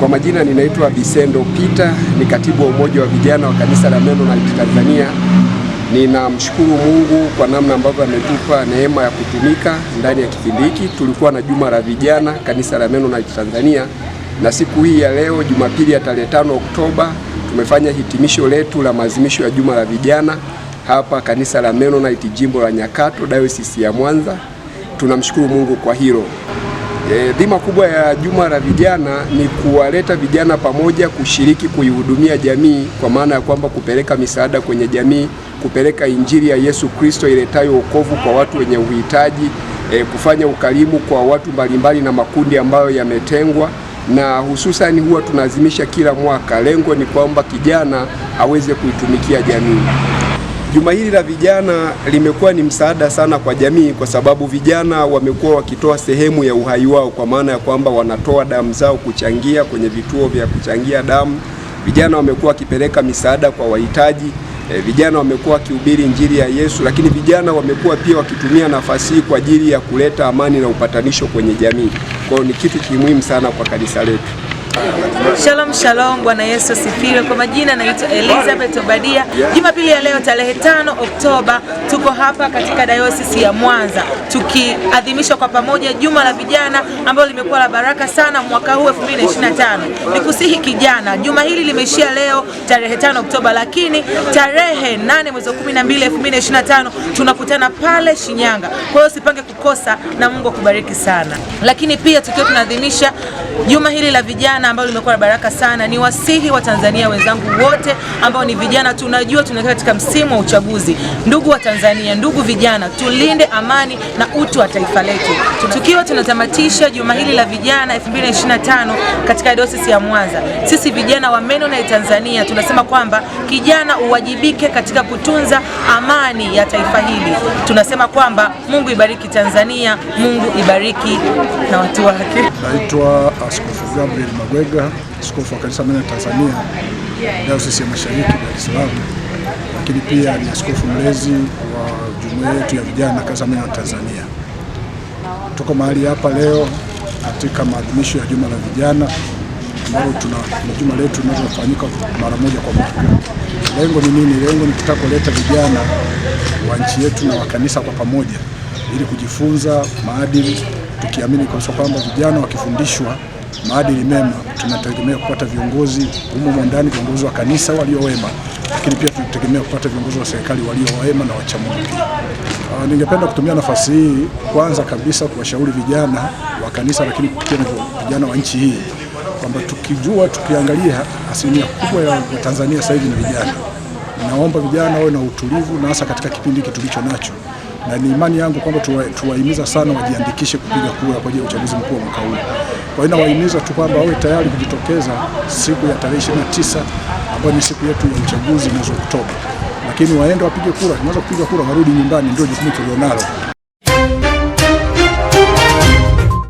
Kwa majina ninaitwa Bisendo Peter, ni katibu wa umoja wa vijana wa kanisa la Neno Tanzania. Ninamshukuru Mungu kwa namna ambavyo ametupa neema ya kutumika ndani ya kipindi hiki. Tulikuwa na juma la vijana kanisa la Neno Tanzania, na siku hii ya leo Jumapili ya tarehe tano Oktoba tumefanya hitimisho letu la maadhimisho ya juma la vijana hapa kanisa la Mennonite jimbo la Nyakato, Diocese ya Mwanza. Tunamshukuru Mungu kwa hilo. E, dhima kubwa ya Juma la Vijana ni kuwaleta vijana pamoja kushiriki kuihudumia jamii, kwa maana ya kwamba kupeleka misaada kwenye jamii, kupeleka Injili ya Yesu Kristo iletayo wokovu kwa watu wenye uhitaji, e, kufanya ukarimu kwa watu mbalimbali na makundi ambayo yametengwa na hususani huwa tunaazimisha kila mwaka. Lengo ni kwamba kijana aweze kuitumikia jamii. Juma hili la vijana limekuwa ni msaada sana kwa jamii, kwa sababu vijana wamekuwa wakitoa sehemu ya uhai wao, kwa maana ya kwamba wanatoa damu zao kuchangia kwenye vituo vya kuchangia damu. Vijana wamekuwa wakipeleka misaada kwa wahitaji. E, vijana wamekuwa wakihubiri Injili ya Yesu, lakini vijana wamekuwa pia wakitumia nafasi hii kwa ajili ya kuleta amani na upatanisho kwenye jamii. Kwa ni kitu kimuhimu sana kwa kanisa letu. Shalom shalom, Bwana Yesu sifiwe. Kwa majina naitwa Elizabeth Obadia. Jumapili ya leo tarehe 5 Oktoba tuko hapa katika dayosisi ya Mwanza tukiadhimisha kwa pamoja juma la vijana ambalo limekuwa la baraka sana mwaka huu 2025. Nikusihi kijana, juma hili limeishia leo tarehe 5 Oktoba, lakini tarehe 8 mwezi wa 12 2025 tunakutana pale Shinyanga. Kwa hiyo usipange kukosa na Mungu akubariki sana. Lakini pia tukiwa tunaadhimisha juma hili la vijana sana ambalo limekuwa baraka sana. Ni wasihi wa Tanzania wenzangu wote ambao ni vijana, tunajua tunaelekea katika msimu wa uchaguzi. Ndugu wa Tanzania, ndugu vijana, tulinde amani na utu wa taifa letu. Tukiwa tunatamatisha juma hili la vijana 2025 katika Dayosisi ya Mwanza, sisi vijana wa Mennonite Tanzania tunasema kwamba kijana uwajibike katika kutunza amani ya taifa hili. Tunasema kwamba Mungu ibariki Tanzania, Mungu ibariki na watu wake. Naitwa Askofu Gabriel Mabwega, askofu wa kanisa moja Tanzania Dayosisi ya Mashariki Dar es Salaam, lakini pia ni askofu mlezi wa jumuiya yetu ya vijana kanisa moja Tanzania. Tuko mahali hapa leo katika maadhimisho ya juma la vijana ambalo tuna juma letu linalofanyika mara moja kwa mwaka. Lengo ni nini? Lengo ni kutaka kuleta vijana wa nchi yetu na wakanisa kwa pamoja ili kujifunza maadili, tukiamini kwa kwamba vijana wakifundishwa maadili mema, tunategemea kupata viongozi humo ndani, viongozi wa kanisa walio wema, lakini pia tunategemea kupata viongozi wa serikali walio wema na wachamungu. Uh, ah, ningependa kutumia nafasi hii kwanza kabisa kuwashauri vijana wa kanisa, lakini na vijana wa nchi hii kwamba tukijua, tukiangalia asilimia kubwa ya Watanzania sasa hivi ni vijana. Naomba vijana wawe na utulivu na hasa katika kipindi hiki tulicho nacho na ni imani yangu kwamba tuwahimiza sana wajiandikishe kupiga kura kwa ajili ya uchaguzi mkuu wa mwaka huu. Kwa hiyo nawahimiza tu kwamba wawe tayari kujitokeza siku ya tarehe 29 ambayo ni siku yetu ya uchaguzi mwezi Oktoba, lakini waende wapige kura. Tunaweza kupiga kura warudi nyumbani, ndio jukumu tulionalo.